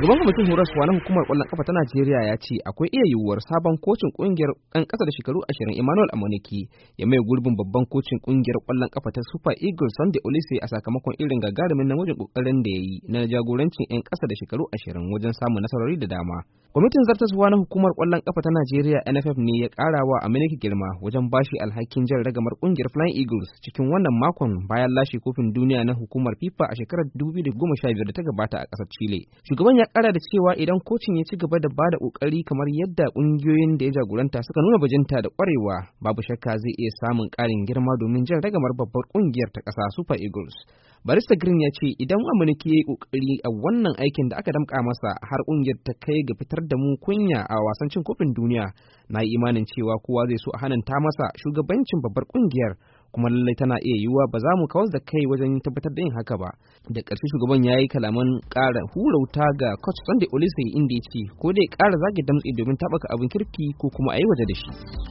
shugaban kwamitin horaswa na hukumar kwallon kafa ta najeriya ya ce akwai iya yiwuwar sabon kocin ƙungiyar ɗan ƙasa da shekaru ashirin emmanuel amoniki ya mai gurbin babban kocin ƙungiyar kwallon kafa ta super eagles sunday olise a sakamakon irin gagarumin namijin kokarin da ya yi na jagorancin 'yan ƙasa da shekaru ashirin wajen samun nasarori da dama Kwamitin zartaswa na hukumar kwallon kafa ta Najeriya NFF ne ya ƙara wa Aminiki girma wajen bashi alhakin jan ragamar ƙungiyar Flying Eagles cikin wannan makon bayan lashe kofin duniya na hukumar FIFA a shekarar 2015 da ta gabata a ƙasar Chile. Shugaban ya ƙara da cewa idan kocin ya ci gaba da bada ƙoƙari kamar yadda ƙungiyoyin da ya jagoranta suka nuna bajinta da ƙwarewa babu shakka zai iya samun ƙarin girma domin jan ragamar babbar ƙungiyar ta ƙasa Super Eagles. Barista Green ya ce idan Amurki ya yi ƙoƙari a wannan aikin da aka damka masa har kungiyar ta kai ga fitar da mu kunya a wasan cin kofin duniya na yi imanin cewa kowa zai so a hananta masa shugabancin babbar ƙungiyar kuma lallai tana iya yiwuwa ba za mu kawar da kai wajen tabbatar da yin haka ba da ƙarshe shugaban ya yi kalaman ƙara hurauta ga coach sunday olise inda ya ce ko dai ƙara zage damtse domin taɓaka abin kirki ko kuma a yi waje da shi.